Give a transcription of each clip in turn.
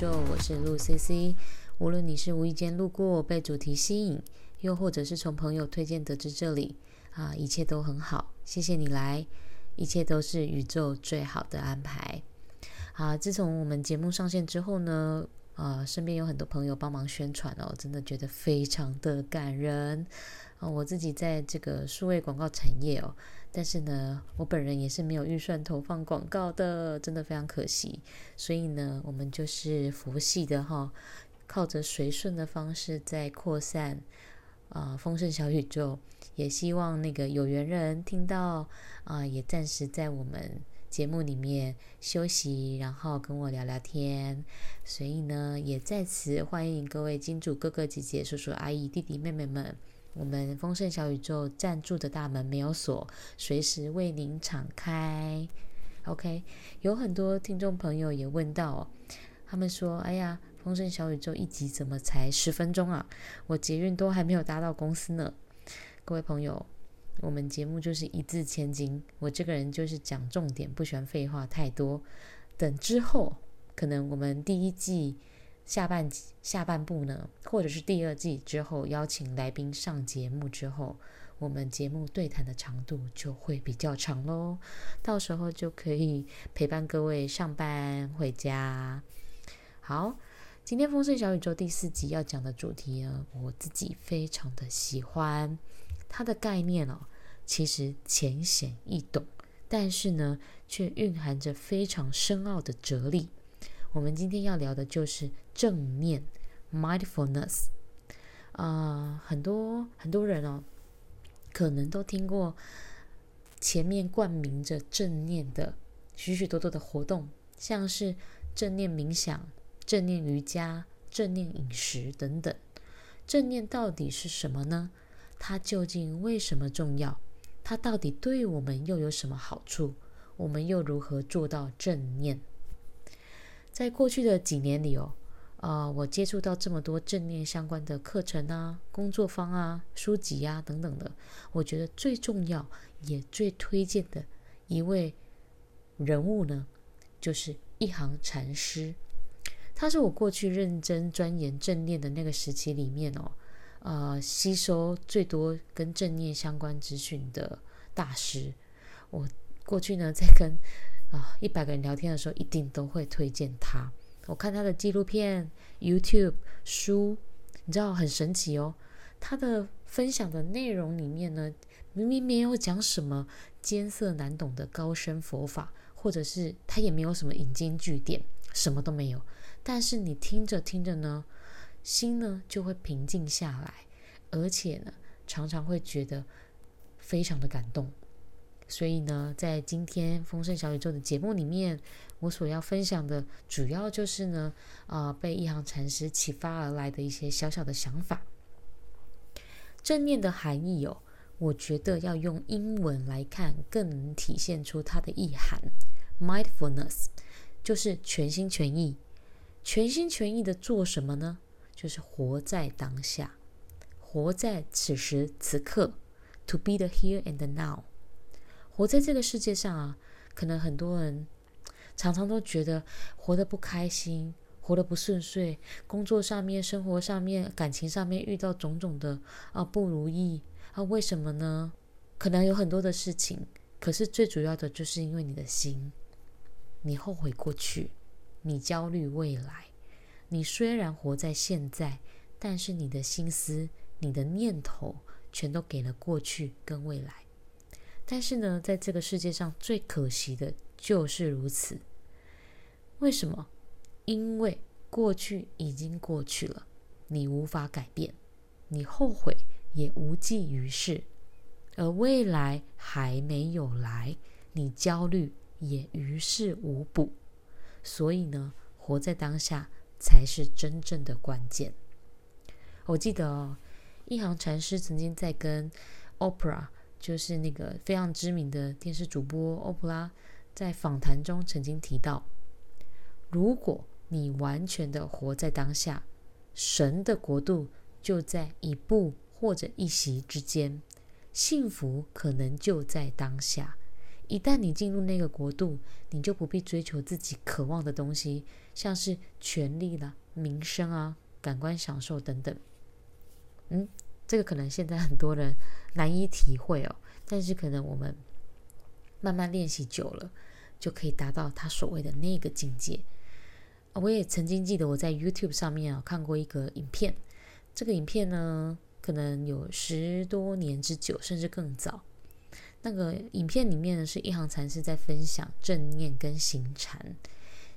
就我是陸 CC，無論你是無意間路過，被主題吸引，又或者是從朋友推薦得知這裡，啊，一切都很好，謝謝你來，一切都是宇宙最好的安排。啊，自從我們節目上線之後呢，呃，啊，身邊有很多朋友幫忙宣傳哦，真的覺得非常的感人。啊，我自己在這個數位廣告產業哦。但是呢，我本人也是沒有預算投放廣告的，真的非常可惜。所以呢，我們就是佛系的哈，靠着隨順的方式在擴散。啊、呃，豐盛小宇宙，也希望那個有緣人聽到啊、呃，也暫時在我們節目裡面休息，然後跟我聊聊天。所以呢，也在此歡迎各位金主哥哥姐姐、叔叔阿姨、弟弟妹妹們。我們豐盛小宇宙贊助的大門沒有鎖，隨時為您敞開。OK，有很多聽眾朋友也問到，他們說：“哎呀，豐盛小宇宙一集怎麼才十分鐘啊？我捷運都還沒有搭到公司呢。”各位朋友，我們節目就是一字千金，我這個人就是講重點，不喜歡廢話太多。等之後，可能我們第一季。下半下半部呢，或者是第二季之後邀請來賓上節目之後，我們節目對談的長度就會比較長嘍。到時候就可以陪伴各位上班回家。好，今天《豐盛小宇宙》第四集要講的主題呢，我自己非常的喜歡。它的概念哦，其實淺顯易懂，但是呢，卻蘊含着非常深奧的哲理。我們今天要聊的就是正念 （mindfulness）。啊、呃，很多很多人哦，可能都聽過前面冠名着正念的許許多多的活動，像是正念冥想、正念瑜伽、正念飲食等等。正念到底是什麼呢？它究竟為什麼重要？它到底對我們又有什麼好處？我們又如何做到正念？在過去的幾年裡哦，呃，我接觸到這麼多正念相關的課程啊、工作坊啊、書籍呀、啊、等等的，我覺得最重要也最推薦的一位人物呢，就是一行禪師。他是我過去認真鑽研正念的那個時期裡面哦，呃，吸收最多跟正念相關資訊的大師。我過去呢，在跟啊、哦，一百個人聊天的時候，一定都會推薦他。我看他的紀錄片、YouTube 書，你知道很神奇哦。他的分享的內容裡面呢，明明沒有講什麼艱澀難懂的高深佛法，或者是他也沒有什麼引經據典，什麼都沒有。但是你聽着聽着呢，心呢就會平靜下來，而且呢，常常會覺得非常的感動。所以呢，在今天《豐盛小宇宙》的節目裡面，我所要分享的主要就是呢，啊、呃，被一行禪師啟發而來的一些小小的想法。正念的含義有、哦，我覺得要用英文來看，更能體現出它的意涵。Mindfulness 就是全心全意，全心全意的做什麼呢？就是活在當下，活在此時此刻。To be the here and the now。活在這個世界上啊，可能很多人常常都覺得活得不開心，活得不順遂，工作上面、生活上面、感情上面遇到種種的啊不如意啊，為什麼呢？可能有很多的事情，可是最主要的就是因為你的心，你後悔過去，你焦慮未來，你雖然活在現在，但是你的心思、你的念頭全都給了過去跟未來。但是呢，在這個世界上最可惜的就是如此。為什麼？因為過去已經過去了，你無法改變，你後悔也無濟於事；而未來還沒有來，你焦慮也於事無補。所以呢，活在當下才是真正的關鍵。我記得哦，一行禪師曾經在跟 Oprah。就是那個非常知名的電視主播歐普拉，在訪談中曾經提到，如果你完全的活在當下，神的國度就在一步或者一席之間，幸福可能就在當下。一旦你進入那個國度，你就不必追求自己渴望的東西，像是權力啦、啊、名聲啊、感官享受等等。嗯。這個可能現在很多人難以體會哦，但是可能我們慢慢練習久了，就可以達到他所謂的那個境界。哦、我也曾經記得我在 YouTube 上面啊、哦、看過一個影片，這個影片呢可能有十多年之久，甚至更早。那個影片裡面呢是一行禪師在分享正念跟行禪，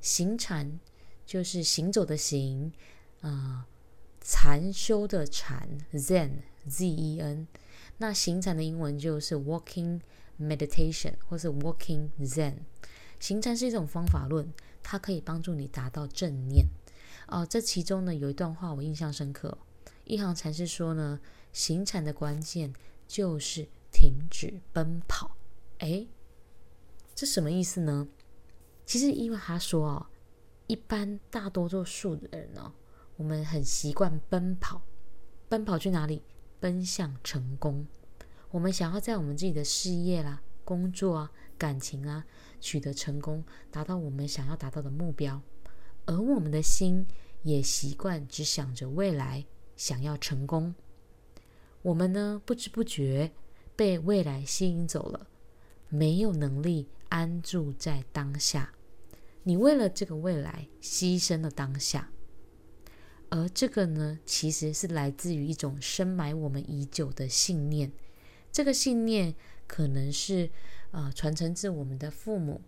行禪就是行走的行，啊、呃。禪修的禪 （Zen，Z-E-N），-E、那行禪的英文就是 Walking Meditation 或是 Walking Zen。行禪是一種方法論，它可以幫助你達到正念。哦，這其中呢有一段話我印象深刻、哦。一行禪師說呢，行禪的關鍵就是停止奔跑。哎，這什麼意思呢？其實因為他說哦，一般大多數數的人呢、哦。我們很習慣奔跑，奔跑去哪裡？奔向成功。我們想要在我們自己的事業啦、工作啊、感情啊，取得成功，達到我們想要達到的目標。而我們的心也習慣只想着未來，想要成功。我們呢，不知不覺被未來吸引走了，沒有能力安住在當下。你為了這個未來，犧牲了當下。而這個呢，其實是來自於一種深埋我們已久的信念。這個信念可能是呃，傳承自我們的父母，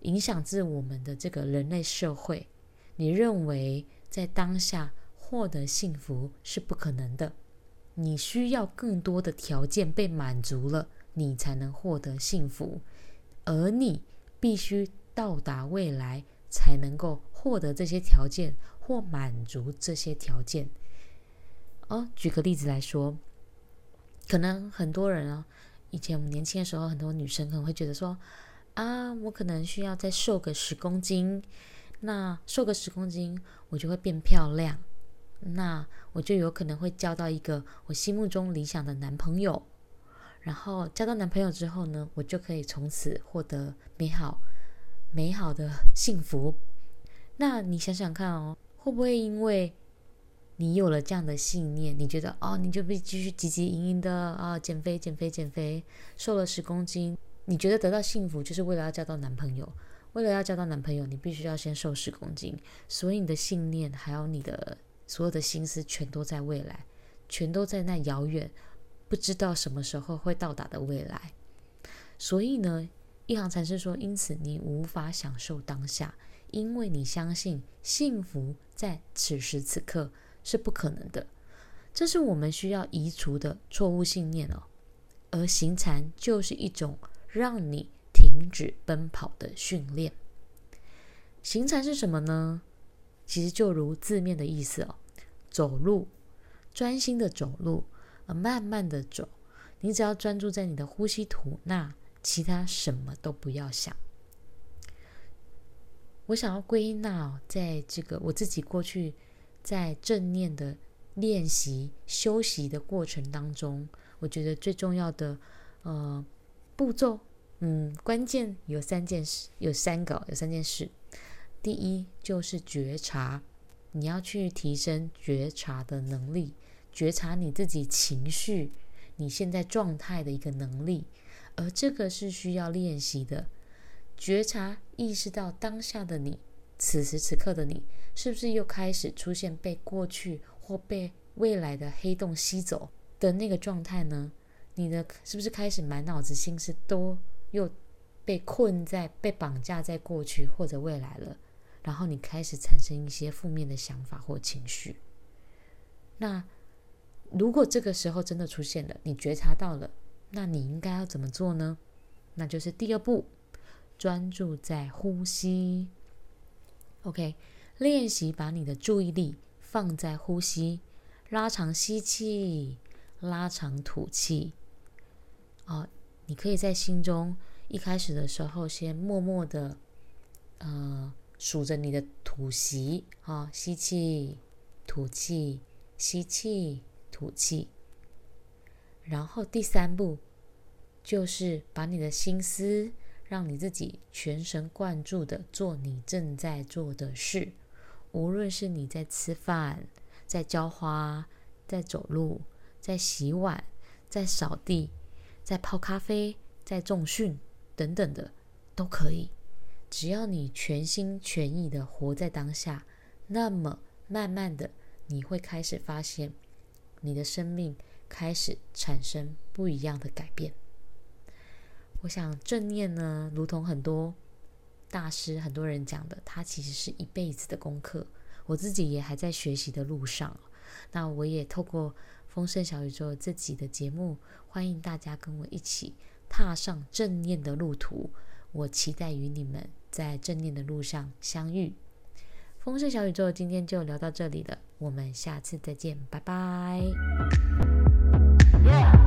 影響自我們的這個人類社會。你認為在當下獲得幸福是不可能的，你需要更多的條件被滿足了，你才能獲得幸福。而你必須到達未來，才能夠獲得這些條件。或滿足這些條件。哦，舉個例子來說，可能很多人哦，以前我們年輕的時候，很多女生可能會覺得說啊，我可能需要再瘦個十公斤，那瘦個十公斤，我就會變漂亮，那我就有可能會交到一個我心目中理想的男朋友。然後交到男朋友之後呢，我就可以從此獲得美好、美好的幸福。那你想想看哦。會不會因為你有了這樣的信念，你覺得哦，你就必須繼續汲汲營營的啊、哦，減肥、減肥、減肥，瘦了十公斤，你覺得得到幸福就是為了要交到男朋友，為了要交到男朋友，你必須要先瘦十公斤，所以你的信念還有你的所有的心思全都在未來，全都在那遙遠不知道什麼時候會到達的未來，所以呢，一行禪師說，因此你無法享受當下。因為你相信幸福在此時此刻是不可能的，這是我們需要移除的錯誤信念哦。而行禪就是一種讓你停止奔跑的訓練。行禪是什麼呢？其實就如字面的意思哦，走路，專心的走路，而慢慢的走。你只要專注在你的呼吸吐納，那其他什麼都不要想。我想要歸納，在這個我自己過去在正念的練習、休息的過程當中，我覺得最重要的呃步驟，嗯，關鍵有三件事，有三個，有三件事。第一就是覺察，你要去提升覺察的能力，覺察你自己情緒、你現在狀態的一個能力，而這個是需要練習的。覺察，意識到當下的你，此時此刻的你，是不是又開始出現被過去或被未來的黑洞吸走的那個狀態呢？你的是不是開始滿腦子心思，都又被困在、被綁架在過去或者未來了？然後你開始產生一些負面的想法或情緒。那如果這個時候真的出現了，你覺察到了，那你應該要怎麼做呢？那就是第二步。專注在呼吸，OK，練習把你的注意力放在呼吸，拉長吸氣，拉長吐氣。哦，你可以在心中一開始的時候先默默的，呃，數着你的吐息，哈，吸氣，吐氣，吸氣，吐氣。然後第三步就是把你的心思。讓你自己全神貫注的做你正在做的事，無論是你在吃飯、在澆花、在走路、在洗碗、在掃地、在泡咖啡、在重訓等等的，都可以。只要你全心全意的活在當下，那麼慢慢的你會開始發現，你的生命開始產生不一樣的改變。我想正念呢，如同很多大師、很多人講的，它其實是一輩子的功課。我自己也還在學習的路上。那我也透過《豐盛小宇宙》自己的節目，歡迎大家跟我一起踏上正念的路途。我期待與你們在正念的路上相遇。《豐盛小宇宙》今天就聊到這裡了，我們下次再見，拜拜。Yeah!